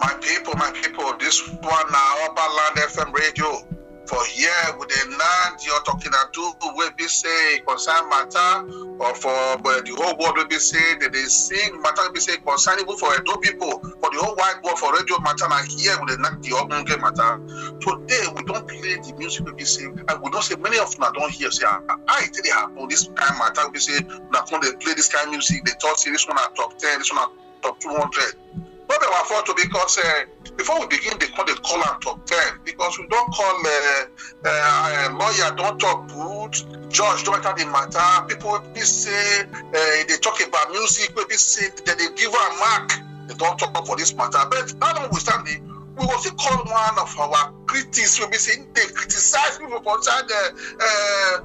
My people, my people, this one now, Land FM Radio. For here, with the land you're talking to, will be say concern matter, or for but the whole world will be say that they sing matter will be say concerning for Edo people, for the whole wide world, for radio matter, and here with the land the game matter. Today, we don't play the music will be say, and we don't say many of them don't hear, say, I ah, did ah, it happen, this kind of matter will be say, now they play this kind of music, they talk, say, this one at top 10, this one at top 200. What they were for to because uh, before we begin, they call the call and talk time because we don't call uh, uh, uh, lawyer, don't talk good, judge, don't enter the matter. People will be say uh, they talk about music, will say that they give a mark, they don't talk for this matter. But now notwithstanding, we will still call one of our critics will be saying they criticize people for inside the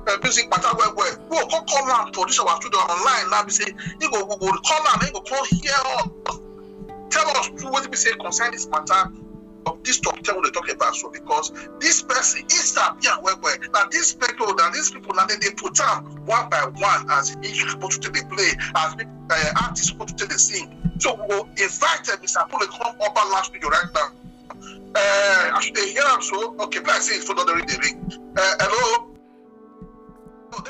uh, uh, music matter well well. We will call call one to our studio online now be say you go go go call and then go call here. Tell us what we say concern this matter of this topic we're talking about. So because this person is that yeah, well, well. Now these people, now these people, now then they put down one by one as each supposed to play, as uh, artists supposed to the sing. So we will invite Mr. Apollo come up and last video right now. Uh, I they hear him so okay, please say it's for the reading. Uh, hello. Oh,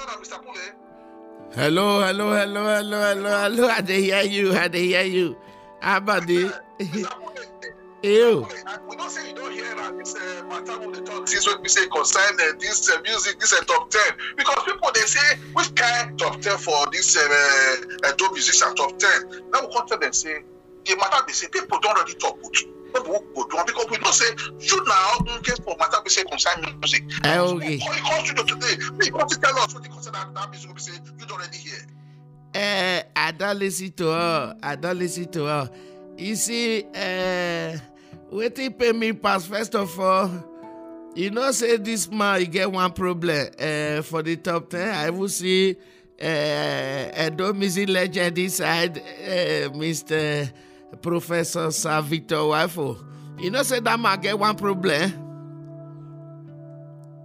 hello, hello, hello, hello, hello, hello. I did hear you. I did hear you. Abade. Ew. We don't say you don't hear that this uh, matter when they talk this what we say concern uh, this uh, music this uh, top ten because people dey say which kind top ten for this uh, uh, uh, musician top ten now we come tell them say the matter be say people don already talk put no be go do am because we know say you na how case for matter be say concern music. ẹ o ge. so we call you today make you come tell us wetin concern that that music we be say you don already hear. I I don't don't listen to her. to her. You see, uh, eh, waiting pay me pass first of all. You know, say this man, you get one problem. Uh, for the top 10, I will see uh, Edo Music Legend inside uh, Mr. Professor Sir Victor You know, say that man get one problem.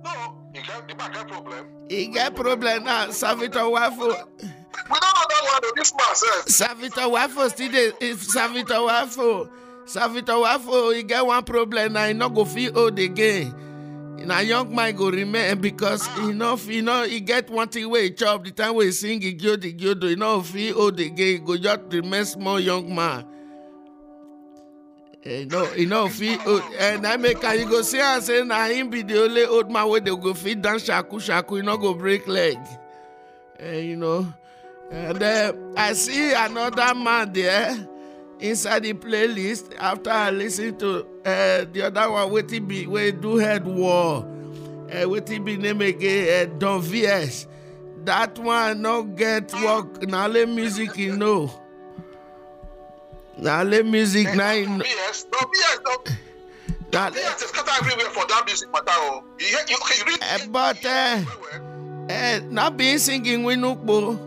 No, he get, he get problem. He get problem now, Sir Victor Wifo. We don't know that one, though. This man says. Savita Wafo still dey. Eh, If Wafo, Savita Wafo, he get one problem now. He not go feel old again. na young man go remain because e no He no e get one thing where he chop the time where he sing he igiodo he e no fit old again e go just remain small young man e no e no fit old eh, na make am you go see am say na him be the only old man where they go fit dance shaku shaku e no go break leg eh, you know. And uh, I see another man there inside the playlist after I listen to uh, the other one, waiting be we do head war, uh, waiting be name again, uh, Don VS. That one no get work, na only music you know. Na only music na you know. VS, Don VS, Don VS is cut everywhere for that music matter now. Oh. You, you, you really, uh, eh, but uh, eh, uh, eh, not being singing we no po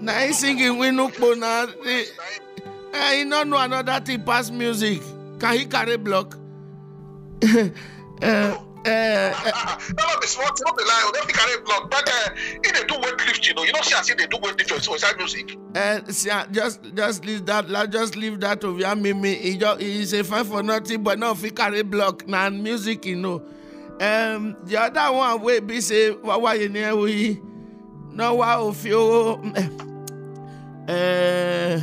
na him singing wey no kpo na eh no know another thing pass music can he carry block uh, Uh, uh, no be small no be lie o no be carry block but he eh, dey do weight you know you know see as he dey do weight lift for inside music. Uh, see, ah, just just leave that la just leave that ovia mimi he just he say fine for nothing but no fit carry block na music he know. Um, the other one wey be say wawayene ewoyi na wa òfin o eh, eh,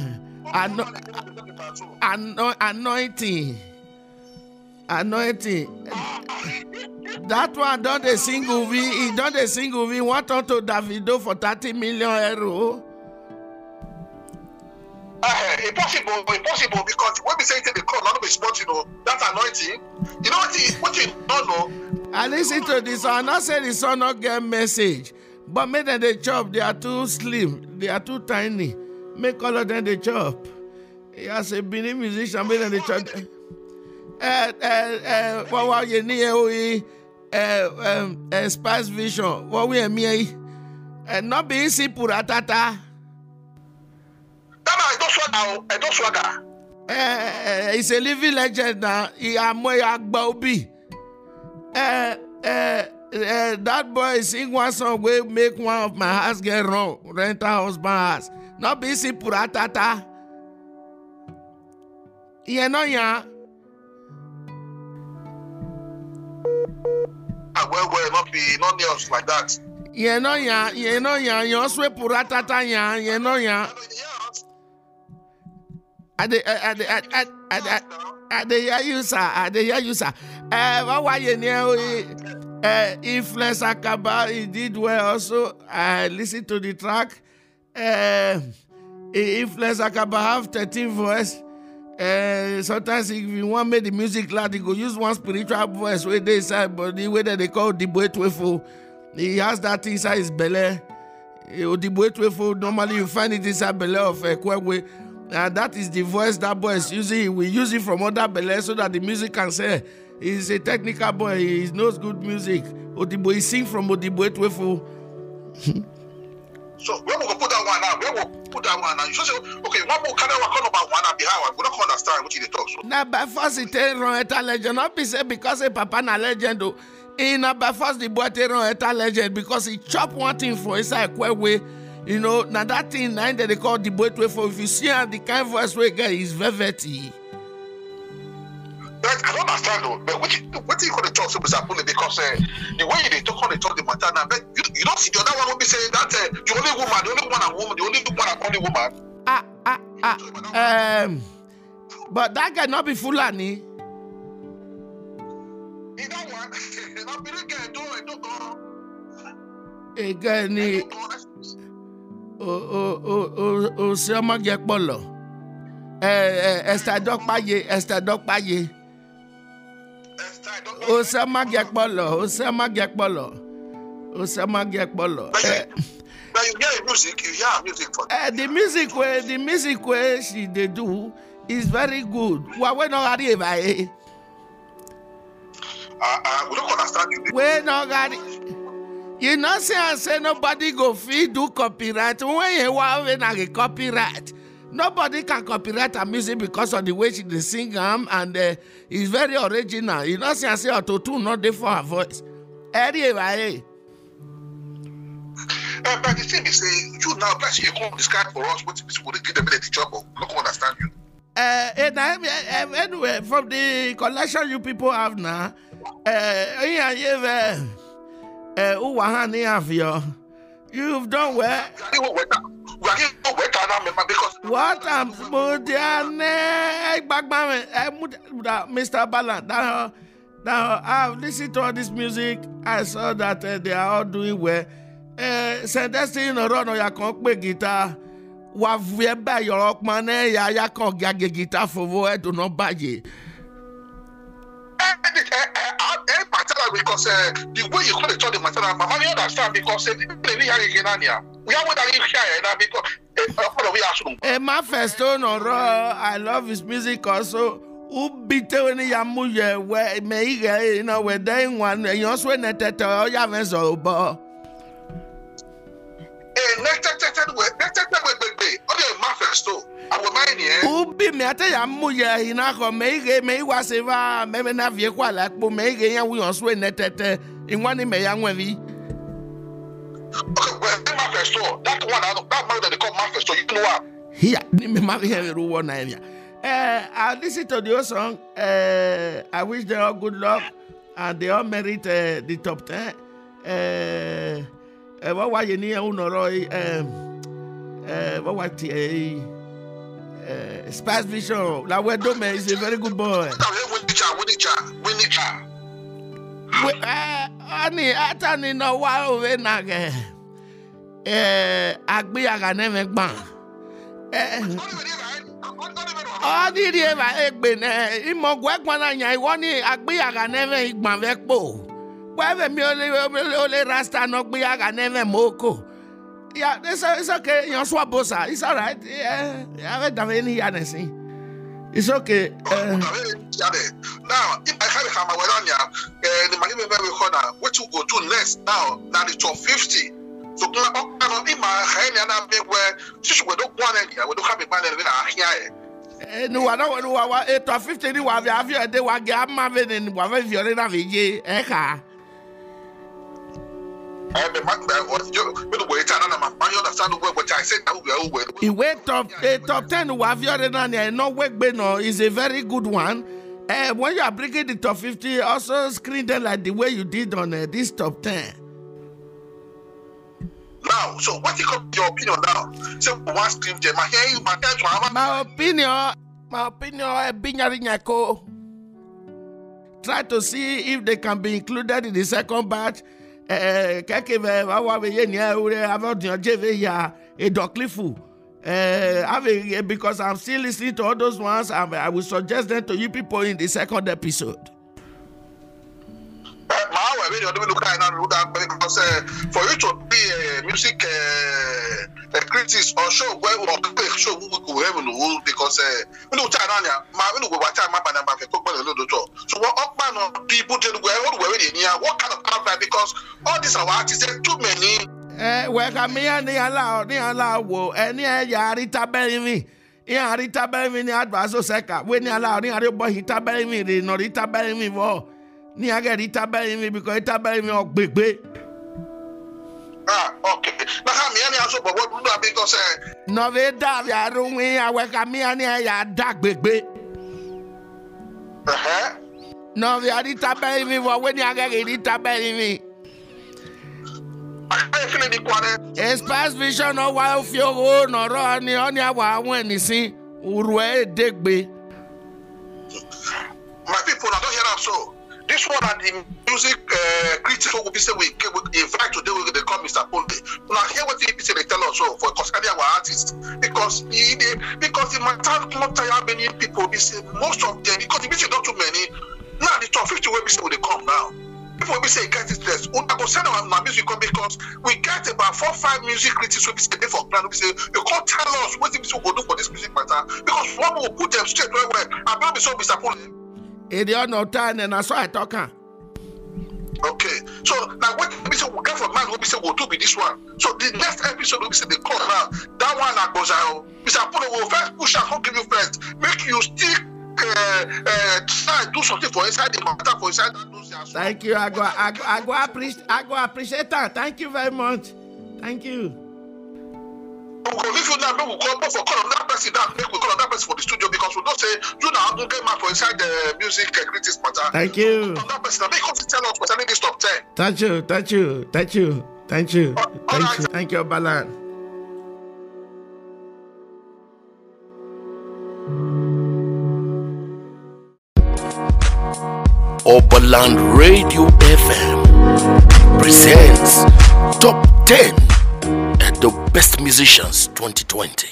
anointing anointing that one don dey sing ovi e don dey sing ovi one turn to davido for thirty million euro. Uh, impossible, impossible because when we say it the call, none of it's not, you know, that anointing. You know what you, what you don't know? I listen to this, I'm not saying the son not get message. But make dem dey chop, they are too slim, they are too tiny. Make all of dem dey chop. He has a Benin musician, make dem dey chop. Eh, eh, eh, what Wọ́n wá yẹ ní ẹ̀hó yìí Spice Vision, wọ́n wí ẹ̀mí ẹ̀ yìí. Nọ́ bí í sí pura tata. Tábà ẹ̀dọ́ sọ́gà o, ẹ̀dọ́ sọ́gà. He's a living legend now. na, ìyá àmọ́ ìyá àgbà òbí uh, that boy sing one song wey make one of my house get run renter husband house no be see puratata ìyẹn náà yàn. àwẹ̀wẹ̀ ah, no be no nails like that. Yeah, ìyẹn yeah, yàn ìyẹn náà yàn yàn swe puratata yàn ìyẹn náà yàn. I dey I dey I dey I dey I dey hear eh, eh, you sir I dey hear you sir. Ẹ wá wáyé ni ẹ o. Uh, Influence Akaba, he did well also. I listened to the track. Uh, Influence Akaba have 13 voice. Uh, sometimes if you want make the music loud, you go use one spiritual voice where they say, but the way that they call the boy twefo. He has that inside his belly. The boy twefo, normally you find it inside belly of a kwekwe. And that is the voice that boy is using. We use it from other belly so that the music can say He's a technical boy. He knows good music. Odibo, he sing from Odibo Etwefu. so where we go put that one now? Where we put that one now? You just say, okay, one more kind of come about one and behind one. We don't understand what you talk. So. Now, by force, it ain't wrong. It's a legend. Not be said because a papa na legend. Oh. In a by force, the boy ain't wrong. It's a legend because he chop one thing for inside queer way. You know, now that thing, now that they call the boy way If you see how the kind voice we get is velvety. But I don't understand though. But which what do you call the talk so Sapule because uh, the way they talk on the talk the matter now, but you, you don't see the other one will be saying that uh, the only woman, the only one, a woman, the only one, and only woman. Ah ah ah. Um, but that guy not be Fulani. He don't one, He not be the guy. Don't don't go. A guy ni. oh oh oh oh. o ṣe ọmọ jẹ pọlọ ẹ ẹ ẹsẹ dọpaye ẹsẹ dọpaye. Ose magia kpɔlɔ, ose magia kpɔlɔ, ose magia kpɔlɔ. When the music way, eh, the music way she dey do is very good. Wa wey no gari eba ye. Ah, ah, we don't understand you. Wey no gari. You know say I say nobody go fit do copyright. When you wan wey na the copyright. Nobody can copyright her music because of the way she dey sing am um, and uh, it's very original. You know say I say auto-tune no dey for her voice. Ẹ̀rí ìwà ẹ̀. Uh, but the thing is say eh, you now plus you come describe for us wetin people would give them the trouble. No go understand you. Uh, and I, uh, anyway, from the collection you people have now, eh, eh, uh, you've done well. What am Mr. Balan, now, now I've listened to all this music. I saw that uh, they are all doing well. Eh, Send us in a run or you can guitar. Wà fi ẹ bá yọ̀rọ̀ pọn náà ẹ̀yà ayá kan gàgé gìtá fowó ẹ̀ dùnà bàjẹ́. Ẹ ẹ ẹ matter because uh, the way you call it all the matter, mama mi understand because uh, the way we are again now. My first fẹ̀sítọ́nù ọ̀rọ̀ i love his music also ubite ni ya mu yẹ wẹ mẹ ihe iná wẹ dẹ ìwọn èèyàn sún ẹnẹ tẹtẹ ọyà mẹsàn ó bọ. ubi mi Who be mu yẹ a kọ mẹ ihe mẹ iwa se va mẹ mẹ na fie kó àlàkpọ mẹ ihe yẹn wúyàn sún ẹnẹ tẹtẹ ìwọn ni mẹ ya ń wẹ vi. Manifesto. That one, that man that they call Manifesto, you know what? Here, me marry here rule one area. Eh, I listen to your song. Uh, I wish they all good luck and they all merit uh, the top ten. Uh, what was your name? Unoroy. Um, what was the uh, Spice Vision? Now, where Dome is a very good boy. Winnie, Atani, Atani, no, why over now? agbéyàrá ne me ọdidi eva egbe ne imɔgu egbɔna nya iwɔ ni agbéyàrá ne me gbã vɛ kpo kpɔ eve mi ole ole rasta nɔ gbéyàrá ne me ya it's it's okay yan so abosa it's all right yeah ave dame ni ya nesi it's okay. now if i carry hamawelania uh, eh, the money wey we call na wetin go do next now na the twelve fifty zokuma ɔkpɛno oh, oh, oh, ima hae nea na abɛwɛ susu wɛdo kpɔn ne nia wɛdo ha bɛgba ne ne na ahia yɛ. E. Eh, ni wa na wɛni wa wa etɔ eh, fifty ni wa fi afi ɛde wa gɛ ama fi ne wa fɛ fi ɔne na fi ye ɛka. Ìwé top a eh, top ten wa fi ɔde na ni ɛnɔ wɛgbe nɔ is a very good one. Uh, when you are bringing the top fifty also screen them like the way you did on uh, this top ten. Now, so what is your opinion now? Say, what scream there? My hair, my hair, my opinion, my opinion, eh, Binyarinyako. Try to see if they can be included in the second batch. Kẹ́kẹ́ wá mi yé ni ẹ wúrẹ́ abọ́dúnyàn jẹ́fẹ́ ya Edoklifu. Eh, eh, because I'm still listening to all those ones and I will suggest them to you people in the second episode. màá wà wẹ́rẹ́ ọdún mélòó káyọ̀ náà lóda pẹ̀lú because uh, for you to be a eh, music uh, eh, a critic or show where or play show who go heaven who because nínú tí a náà ni a máa nínú gbogbo àti àmà bàdàn bàfẹ́ kó gbọ́dọ̀ lódootọ̀ so wọ́n ọ̀pá náà bí ibùdó ẹnu wẹ́rẹ́ olùwẹ́ wẹ́rẹ́ ni a what kind of because all these our artists dey too many. ẹ wẹ̀ka miyan ní aláwọ̀ ní aláwọ̀ ẹ ní ẹ yàrá tábẹ́rì mi yàrá tábẹ́rì mi ní adùn àṣọ sẹ́ka wẹ́ ní aláwọ̀ ní aláwọ̀ bọ́ yìí tábẹ́rì mi rè nọ̀rí tábẹ́rì mi wọ̀ ni aga di tabali mi because tabali mi ọgbẹgbẹ. ah ok naka mi ẹni aso bọbọ dúdú àbí tọ́sẹ̀. nọ̀bẹ dà yàrá wí awẹ́ka mi ẹni ẹ̀yà dà gbẹgbẹ. nọ̀bẹ adi tabali mi wọ̀ wẹ́ni aga di tabali mi. Espace vision ọwa ofi owo nọrọ ni ọ ni awa àwọn ẹnìsín òru ẹ dẹgbe. My people, I don't hear am so. This one and the music uh, critical will be say we, we invite today we they come Mr. Ponde. Now hear what the EPC they tell us so oh, for concerning our artists because he, they, because the matter not tire many people. They say most of them because the music not too many. Now the top fifty will be say will they come now. People will be say get this dress. I go send our music come because we get about four five music critics will be say for plan. We say you come tell us what the music will do for this music matter because one will put them straight where where. I'm not be so Mr. Ponde ede ọna ọta ne na so atọka. okay so na wetin be say we get from man wey be say we do be this one so the next episode wey be say dey come now that one na gboza uh, o mr apollo we first push am come give you first make you still uh, uh, try do something for inside the matter for inside that those thank you i go i go i go appreciate i go appreciate am thank you very much thank you. Because if you now make we call, but for call on that person, that make we call on that person for the studio because we don't say you now do get mad for inside the music uh, critics matter. Thank you. So, on that person, make us tell us concerning this top ten. Thank you, thank you, thank you, thank you, uh, thank right. you, thank you, Balan. Oberland Radio FM presents Top 10 the best musicians 2020.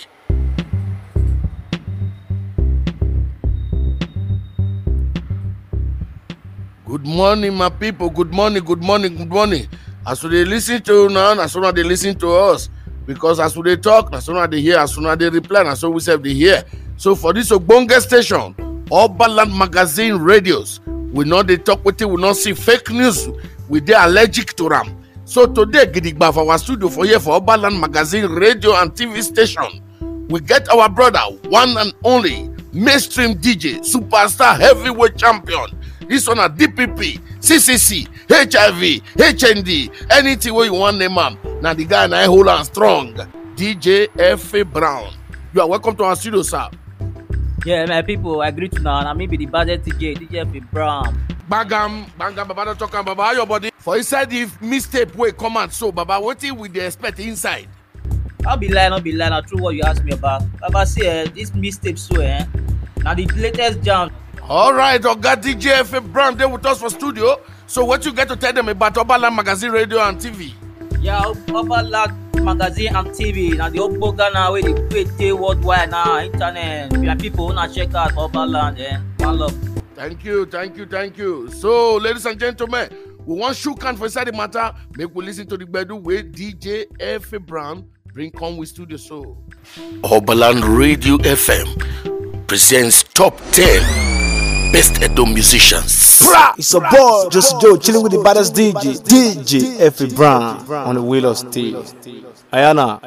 Good morning, my people. Good morning, good morning, good morning. As soon as they listen to you now, as soon as they listen to us, because as soon as they talk, as soon as they hear, as soon as they reply, as soon as we say they hear. So for this Ogbonge station, Oberland Magazine radios, we know they talk with it, we not see fake news, we they allergic to them. So today, Gidigba for our studio for here for Oberland Magazine Radio and TV station, we get our brother, one and only mainstream DJ, superstar heavyweight champion. This one at DPP, CCC, HIV, HND, anything where you want name him. Now the guy and I hold on strong. DJ F.A. Brown. You are welcome to our studio, sir. Yeah, my people, I greet you now. I mean, be the budget DJ, DJ F.A. Brown gbagam gbagam baba don talk am baba how your body for inside the mistake wey come out so baba wetin we dey expect inside. no be lie no be lie na true what you ask me about baba see eh this mistake so eh na the latest jam. alright oga dj efe brown dey with us for studio so what you get to tell them about obaland magazine radio and tv. ya yeah, obaland magazine and tv na the ogbo ghana wey dey create dey worldwide na internet na people una check out obaland eh one love. Thank you, thank you, thank you. So, ladies and gentlemen, we want shook can for inside the matter. Make we listen to the gbedu with DJ F. Brown bring come with Studio So, Oberland Radio FM presents Top ten best Edo musicians. It's a boy, just Joe, chilling with the baddest DJ, DJ Effie Brown on the wheel of steel. Ayana,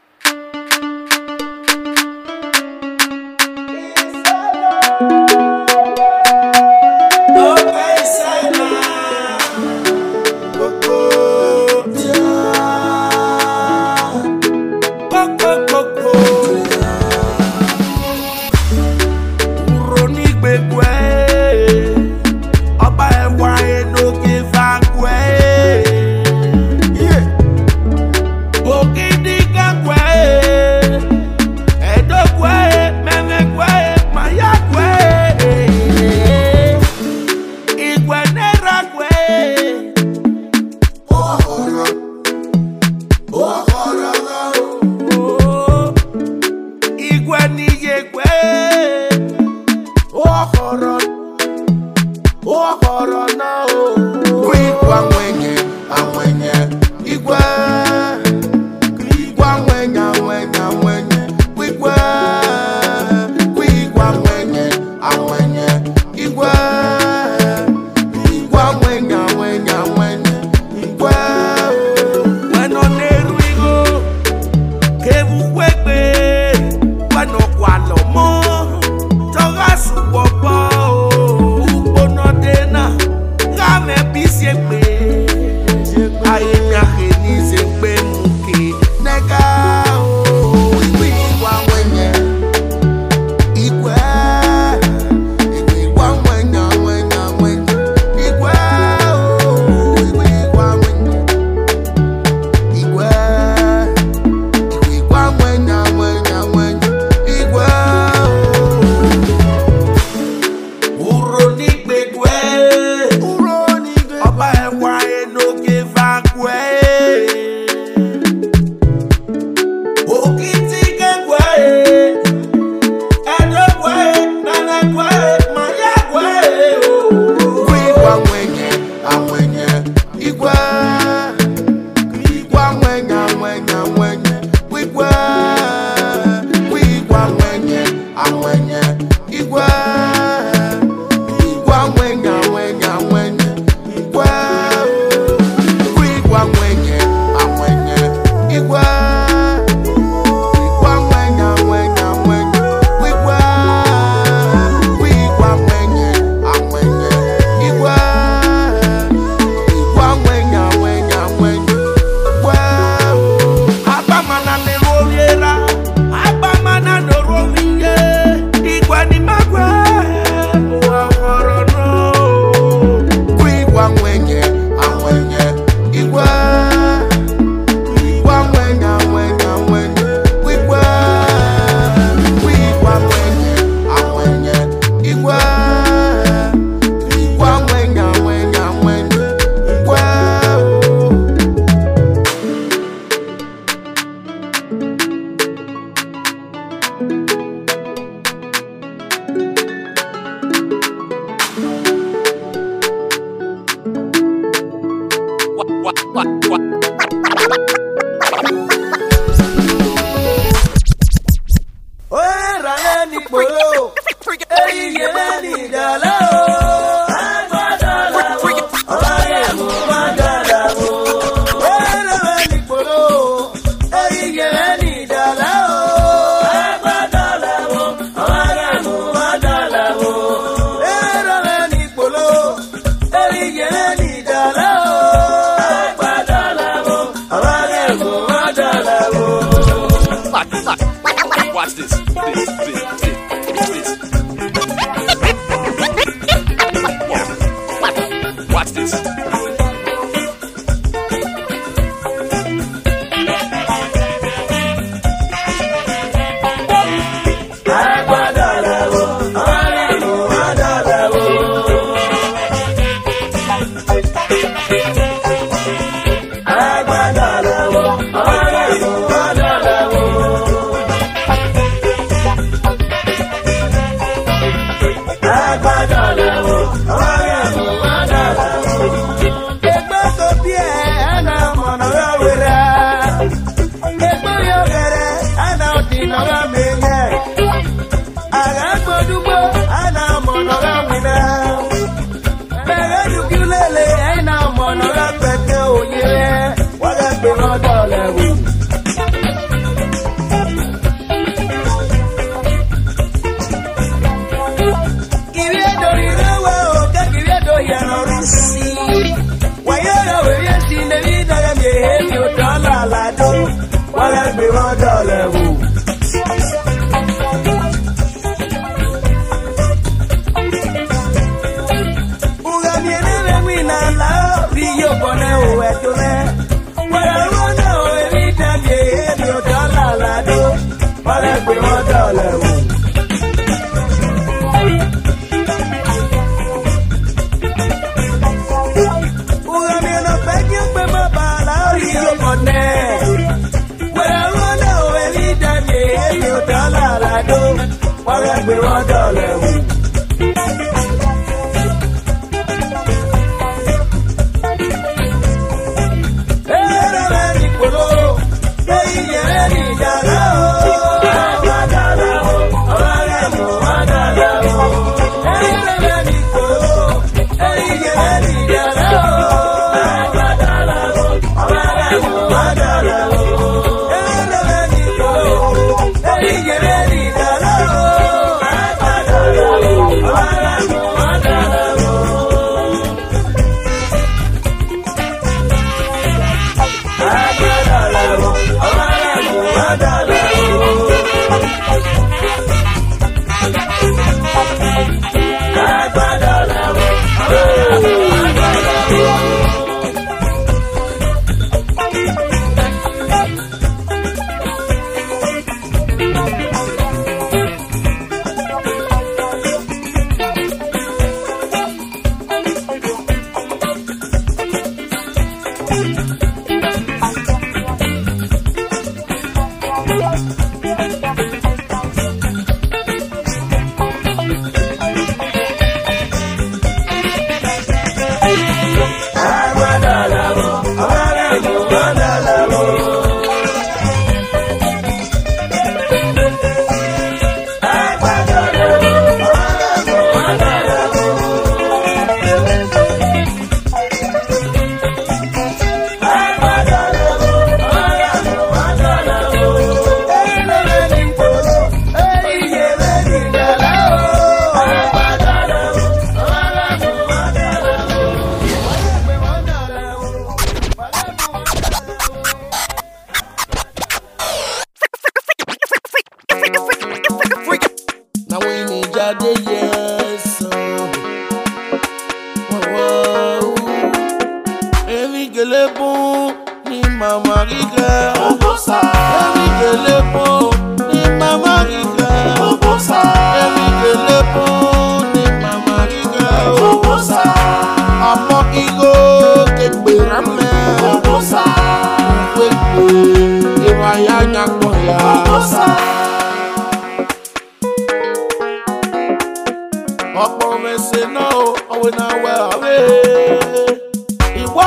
this.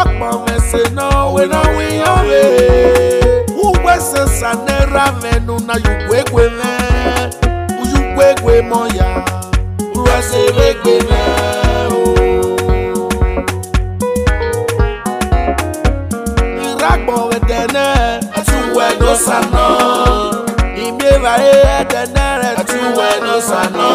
akpɔme se na we na we ya we. Ugbe sesa nera menu na yugbegbe mɛ, yugbegbe mɔ ya, ruwase begbe mɛ o. Oh. Iragbɔwe dɛnɛ, etuwɛ do sanɔ, imieva ye ɛdɛnɛ rɛ tuwɛ do sanɔ.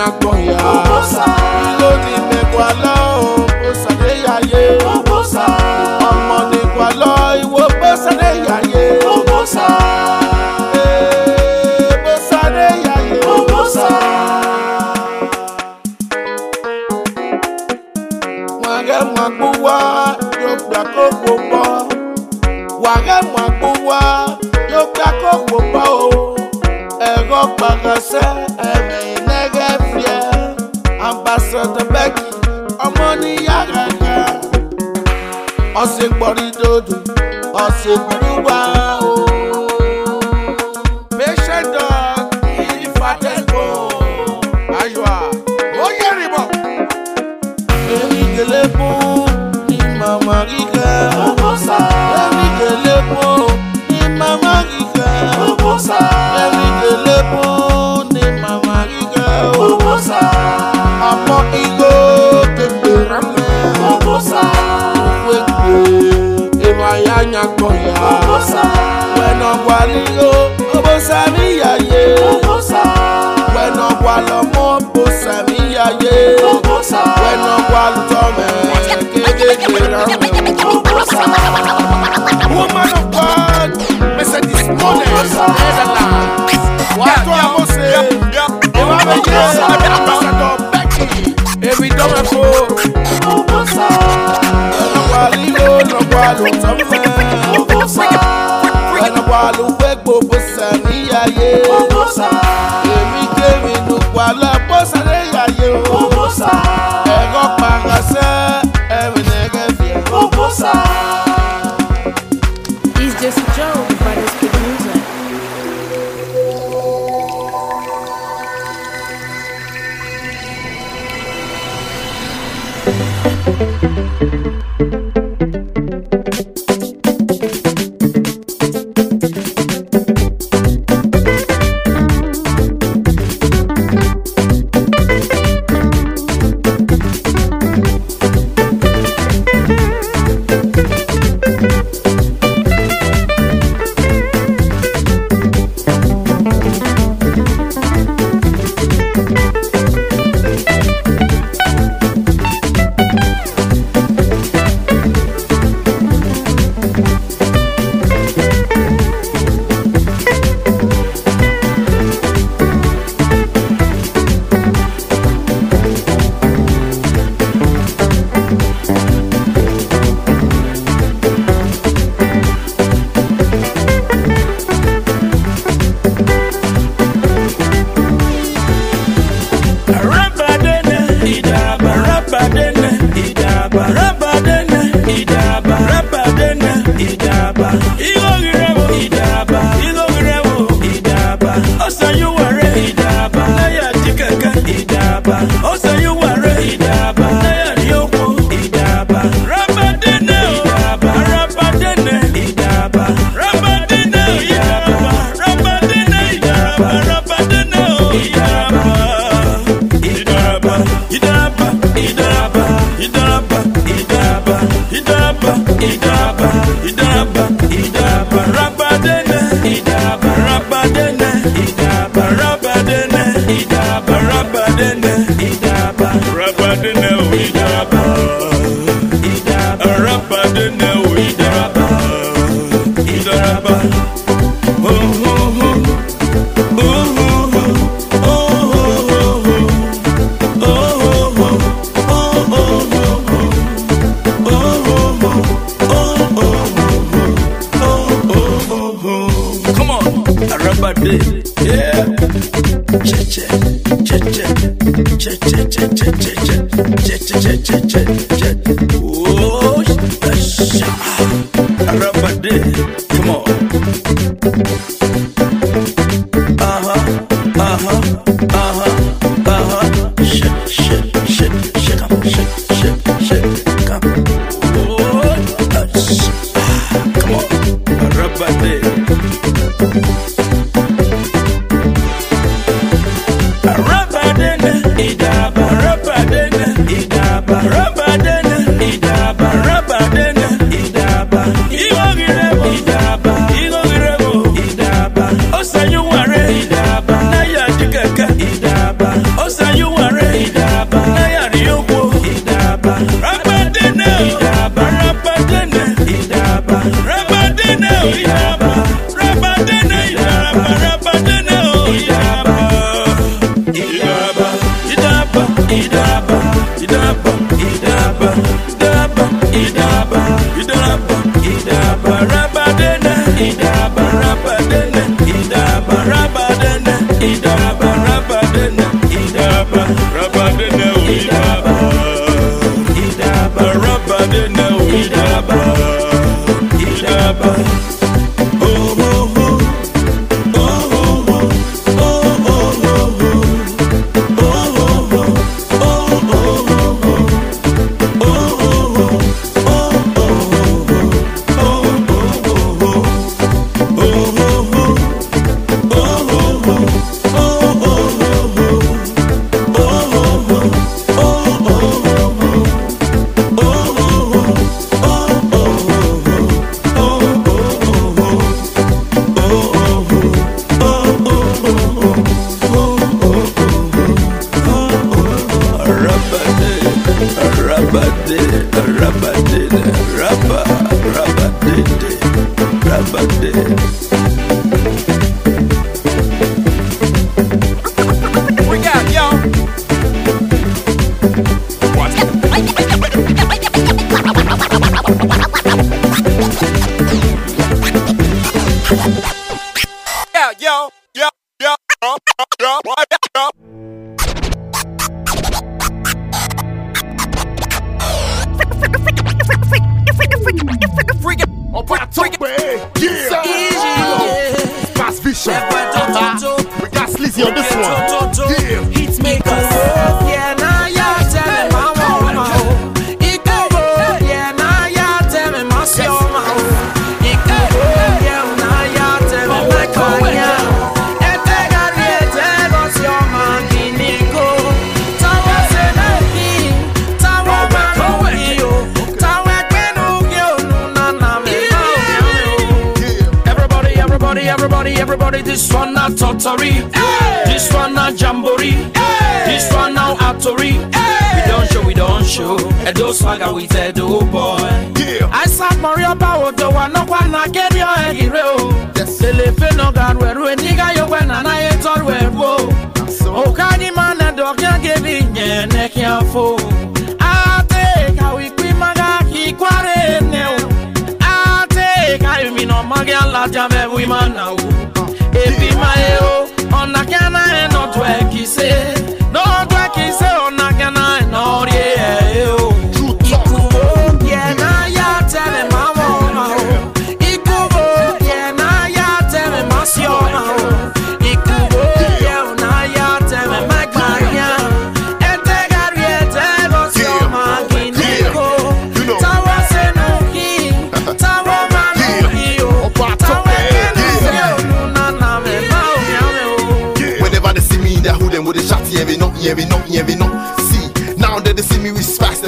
na koya. ọsìn pọ̀rí dodo ọsìn pọ̀rí wàá. Yes,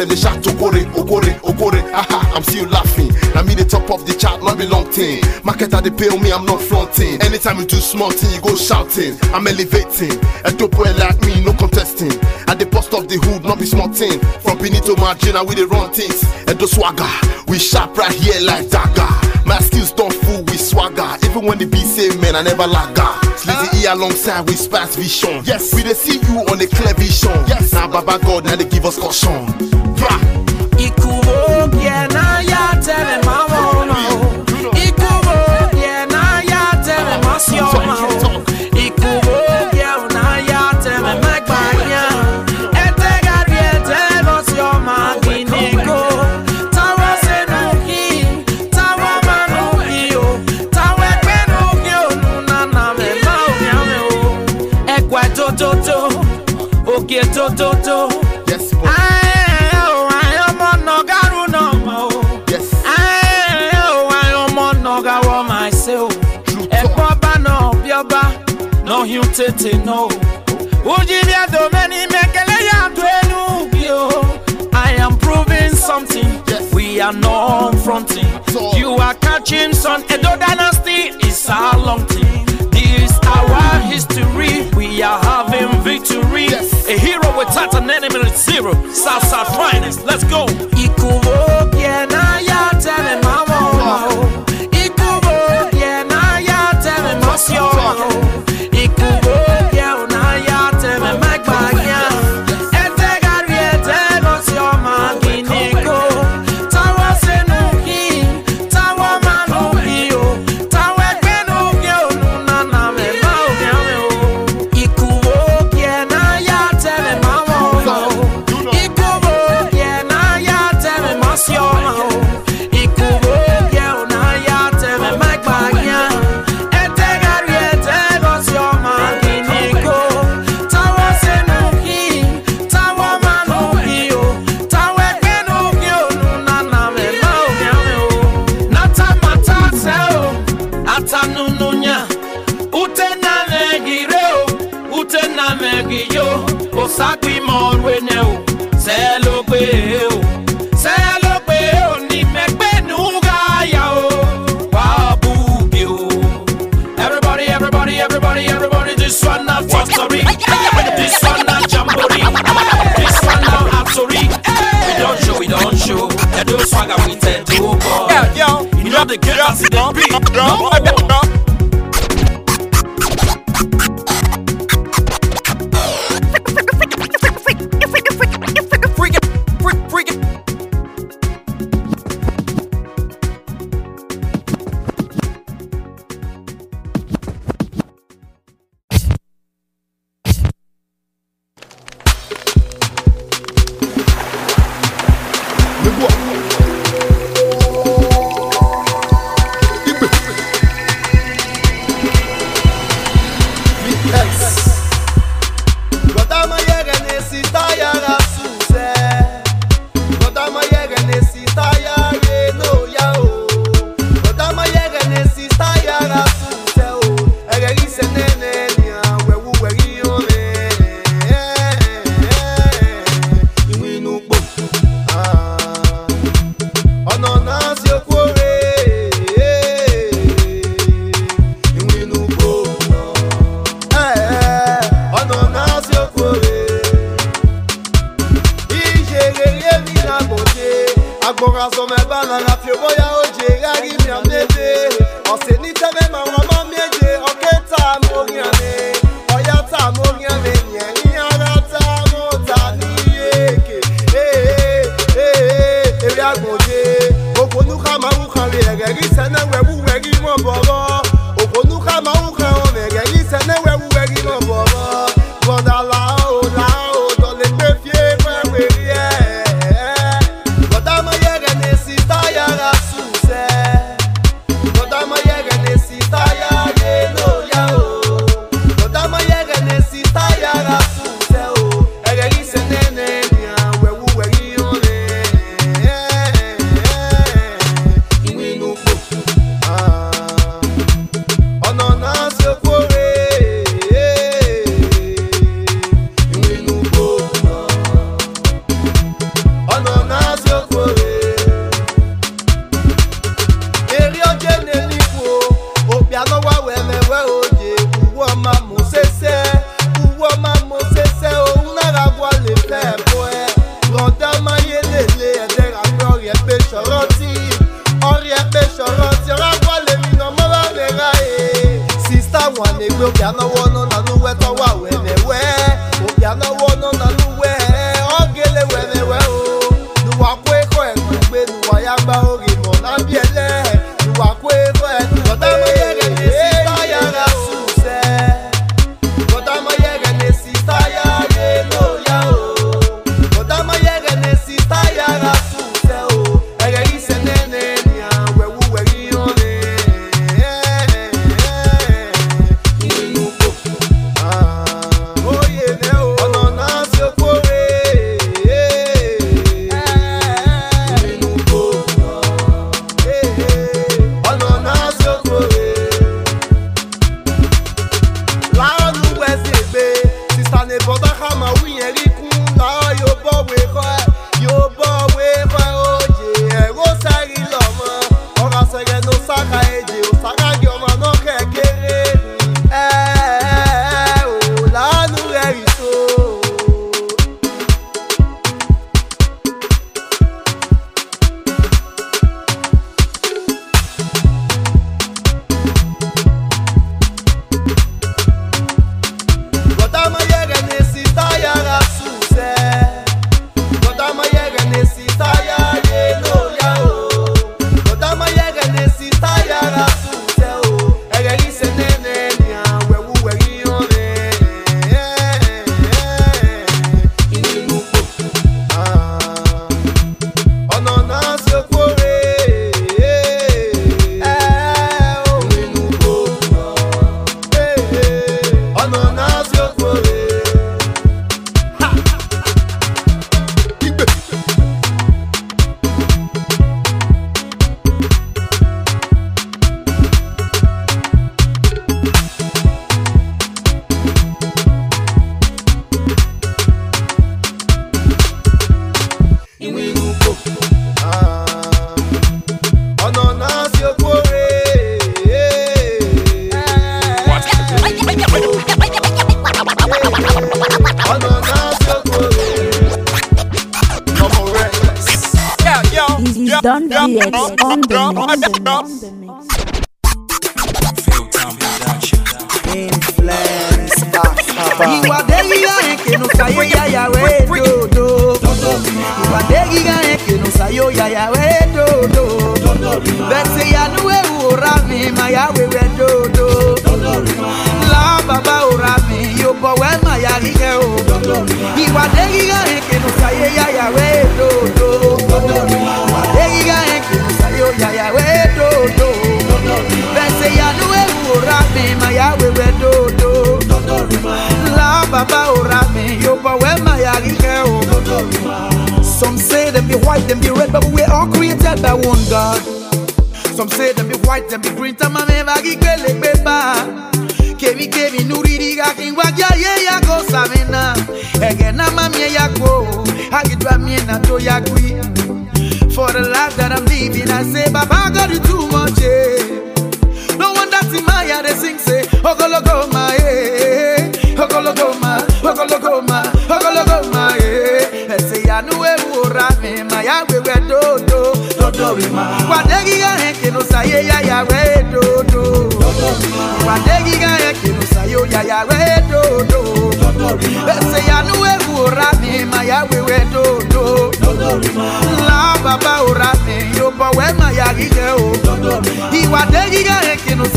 them, they shout Okore, Okore, Okore. Aha, I'm still laughing. be the top of the chart, not be long thing. Market at the pay me, I'm not fronting. Anytime you do small thing, you go shouting. I'm elevating. A dope boy like me, no contesting. At the post of the hood, not be small thing. From Benito Margina, we the run things. And the swagger, we sharp right here like dagger. My skills don't fool with swagger. Even when the be say man, I never lagger. Sleazy E alongside with Spice Vision. Yes, we the see you on the Clever vision. Yes, now Baba God, now they give us caution. tete no mekele ya I am proving something we are not fronting you are catching sun Edo dynasty is our long team this our history we are having victory a hero without an enemy is zero South South finest let's go ya tele ya tele sátì mọ ọrùn o ṣe ló pé o ṣe ló pé o ní mẹgbẹnu gáyà o wà á o. everybody everybody everybody everybody this one na sorry. this one not jamboree this one na sorry. we don't show we don't show edo swagger we with edo ball. you know the get as e don be.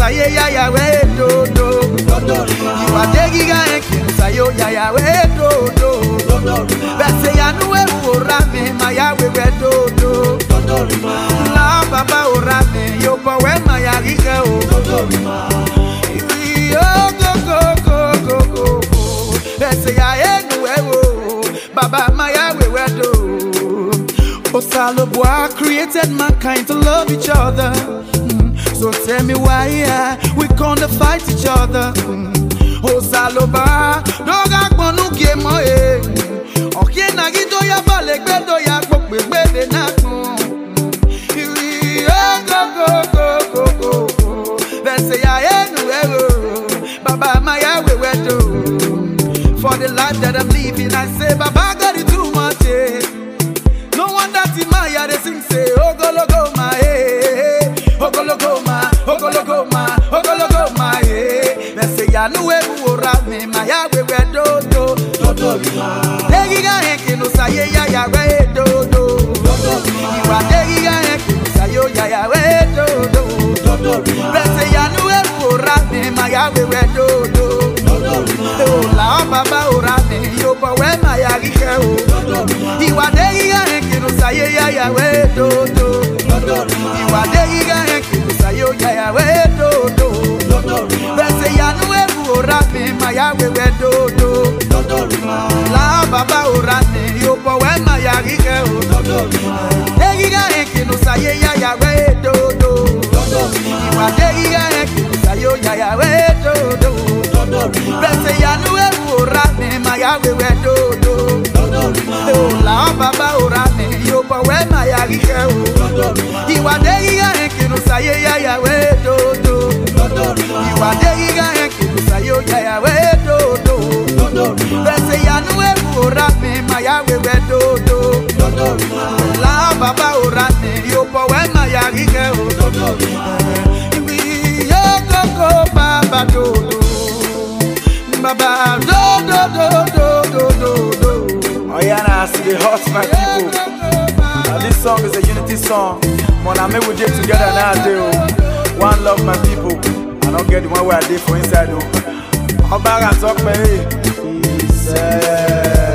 sayo yaya we do do. Ìwà dé gíga ẹ̀ kì í sayo we do do. ya yanu ewu ora mi ma ya wẹ̀wẹ̀ do do. Nla bàbá ora mi yóò bọ̀ wẹ́ ma ya gíga o. go. kókó kókó kókó. Bẹ̀sẹ̀ yà ẹnu ẹ̀wò. Bàbá ma ya wẹ̀wẹ̀ do. Osalobua created mankind to love each other. So tell me why yeah, we gonna fight each other. Oh Saloba, doga gbonu ke mo e. Oke na gido ya bale gbedo ya gbogbe gbebe na. Degiga henke no saye ya ya we do do. Iwa degiga henke no sayo ya ya we do do. do do. O la o baba we ma ya gike o. Iwa degiga henke no saye ya ya we do do. do do. beseyanu ebu orami maya wewe dodo la baba orami yobowe maya rike o erika ekinu saye yayawe dodo iwade rika ekinu saye yayawe dodo beseyanu ebu orami maya wewe dodo la baba orami yobowe maya rike o iwade rika ekinu saye yayawe dodo. You are the Iga and Kibusa Yoga Yawe Dodo. Dodorima. Bese Yanu Ebu Ora me Mayawe We me Yopo We Mayagike O. Dodorima. Ibi Yoko Baba Dodo. my people. Now song is a unity song. Mon ami we did together now, dude. One love my people. I don't get the one where I live for inside though. Ọba àtọ́pẹ́ He said.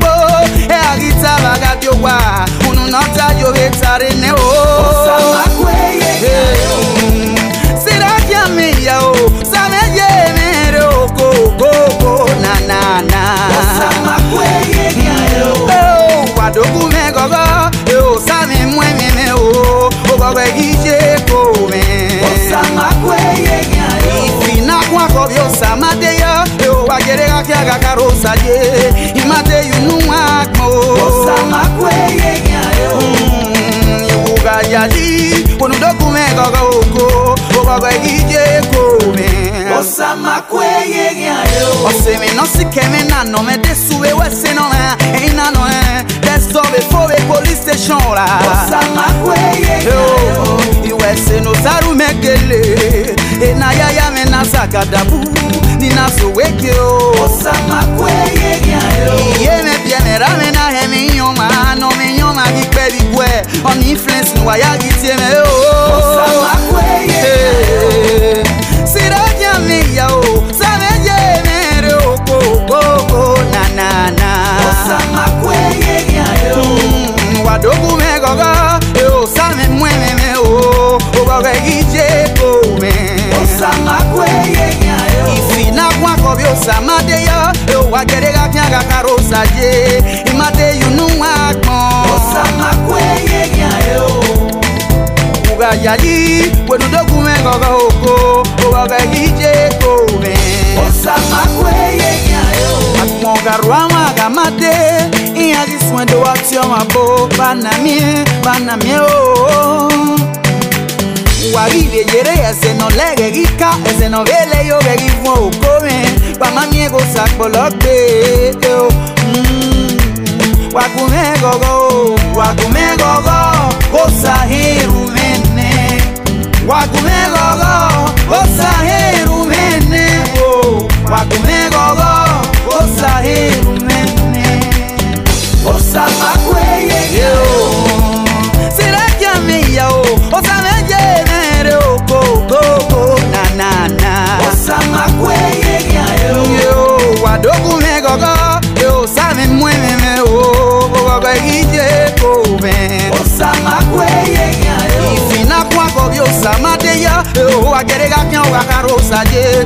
kobe gije kowe Osama kwe yenya yo na kwa kobe osama deyo Eo wagerega kia gakaro saje Imate yunu akmo Osama kwe yenya yo mm, Yuga yali Kunu dokume gogo oko Ogogo gije kowe Osama kwe yenya yo me no sikeme nano Me desuwe wese no na Eina no eh Desobe fobe police station la Osama kwe senosaru mekele enayaya me na sakadabu nina soweke o iye me pienera me na he mi nyoma no mi nyoma gi kpedibue ɔni influence ni waya gi tie me o sirajia mi eh, ya o sameye mere o kokoko nanana mm, wadogu me gɔgɔ kore ije kome Osama kwe ye nyayo Ifina kwa kobi osama de yo Yo wakere kaknya kakaro saje Imate yunu wakon Osama kwe ye nyayo Uga yali Wenu doku mengoga oko Uga ije kome Osama kwe ye nyayo Akumonga ruama gamate Iyagi swendo wakti yo mabo Banamie, banamie oh, oh. Uwarire yere ese no lege gika Ese no vele yo gegi fwa ukome Pa mamiego sakbolokbe Wakume mm, gogo, wakume gogo Gosa heru mene Wakume gogo, gosa heru mene Wakume gogo, gosa heru mene Gosa makweye yo Será que a meia o, o sabe makwe ye ya oh. yo Yo, wadoku me Yo, same mueve me o oh. Gogo guille koven Osa ye ya oh. yo Ifina kwa ya Yo, wakerega kya wakaro saje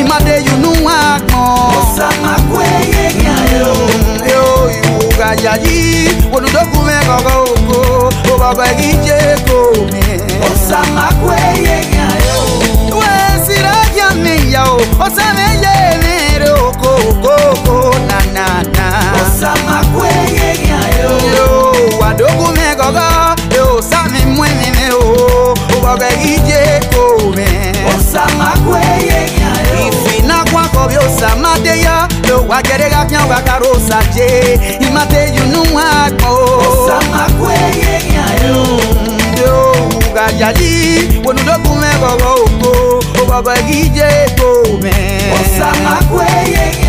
Imate yunu wakon Osa ye ya yo Yo, yuga yaji Wadoku me gogo Gogo guille koven Osa makwe ye mi ya o osemeye mere okokoko nanana osamakueyeyayo wadogu megogo eosami mwenime o ogogo ije kome osamakueyeyayo ifinakwako biosamadeya yowagerega pyawakarosaje imateyunuwako osamakueyeyayo yo ugayali wonudogu megogo oko kwa am kome Osama kweye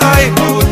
high mood.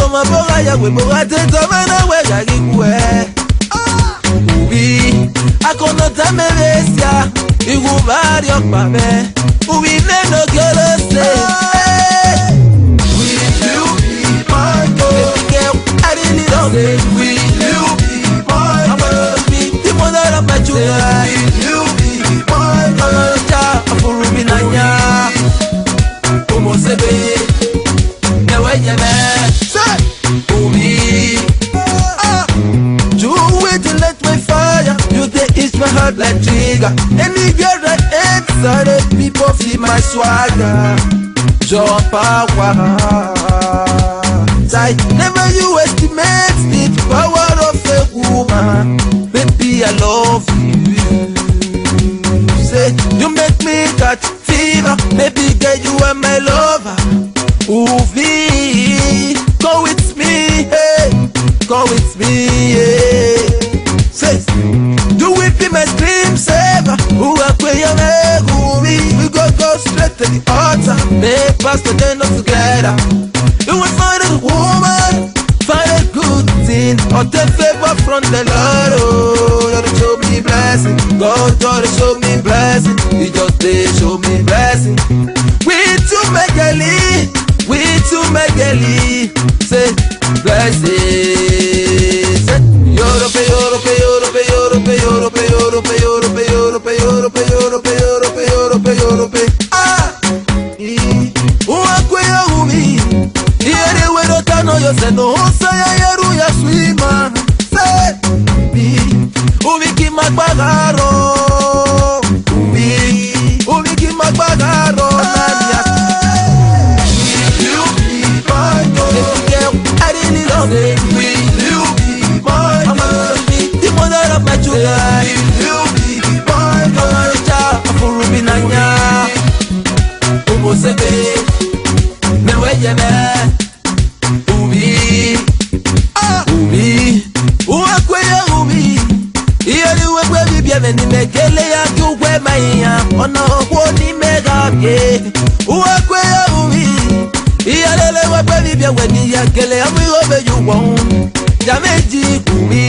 ngoma bora ya we bora tete mana we ya gikwe Ubi akono tame besia igu mari okpame Ubi ne no golo se We be my girl I really don't say we do be my girl I'm gonna be the mother of my children Omosebe, my heart like trigger. Any girl that hates other people feel my swagger. Your power. I never you estimate the power of a woman. Baby, I love you. Say, you make me catch fever. Baby, girl, you are my lover. Ooh, V, go with me, hey. Go with me, yeah. to the altar. Make us to end up together. You will find a woman, find a good thing, or take favor from the Lord. Oh, Lord, show me blessing. God, God, show me blessing. You just did show me blessing. We too make a lead, we too make a lead. Say, blessing. bịa n'ime ekele ya ka ukwe maghị ya ọ nọkwuo n'ime gabie uwekwe ya bụhi ihe lele wekwe bibịa wee n'ihe kele ya bụ ihe obeji ụgwọ jama eji kwuri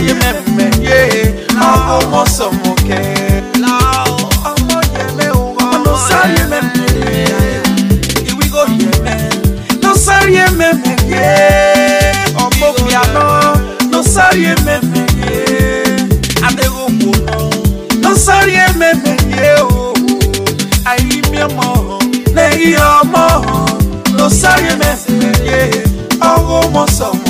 ayé mẹ́mẹ́ yé ọmọ ọmọ sọmọ I'm ọmọ yẹ mẹ́ o ọmọ sáyé mẹ́mẹ́ yé ìwígò yẹ mẹ́ ló sáyé mẹ́mẹ́ yé ọmọ mi àná ló sáyé mẹ́mẹ́ yé adéhùnmó ló sáyé mẹ́mẹ́ yé o ayé mi ọmọ lẹ́yìn ọmọ ló sáyé mẹ́mẹ́ yé ọmọ ọmọ sọmọ.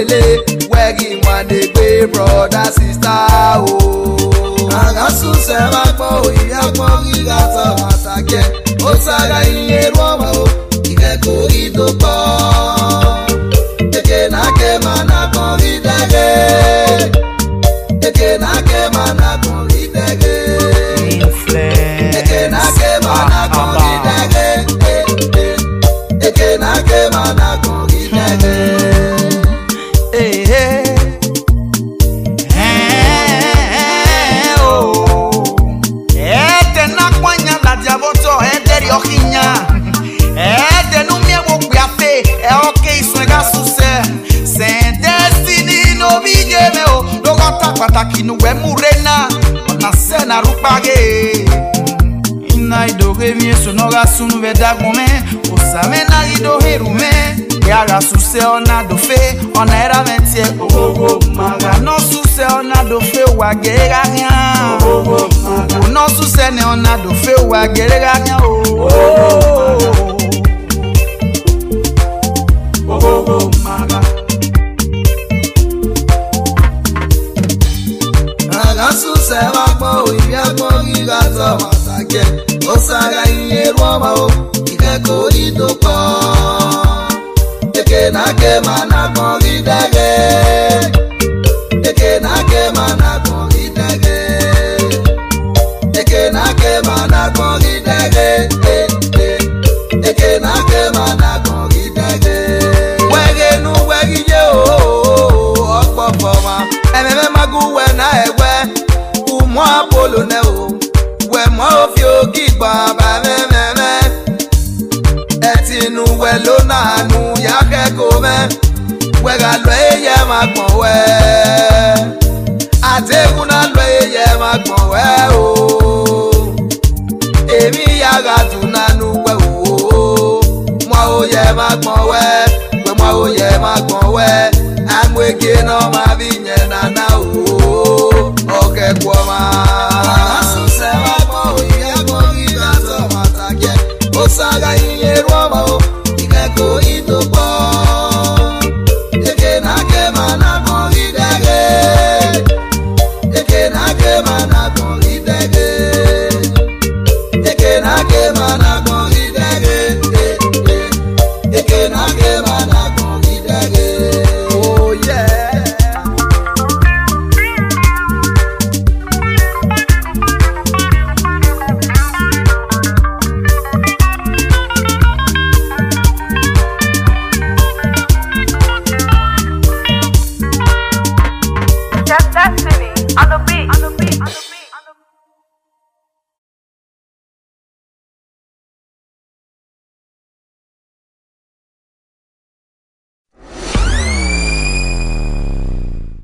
lele. maga suse ona dofe ona era oh oh maga no suse ona dofe wa gera oh oh maga no suse ne ona dofe wa gera nya oh oh maga maga suse wa po ibi apo giga zo masake osaga iye ruoma o ikeko idoko ike na aka na-akpọgidere máa gbọ̀n wẹ́. àtẹ̀kùn náà lọ ẹyẹ máa gbọ̀n wẹ́ o. èmi yàrá dùn nánú wẹ́ o. mọ oyè máa gbọ̀n wẹ́ pé mọ oyè máa gbọ̀n wẹ́. àgbègbè náà máa fi yẹn nana o. ọ̀kẹ́ kọ́ máa. àṣùṣe wa gbọ́ òyìnbó kí bá tọ̀ màtàkẹ́. ó sára iye rú.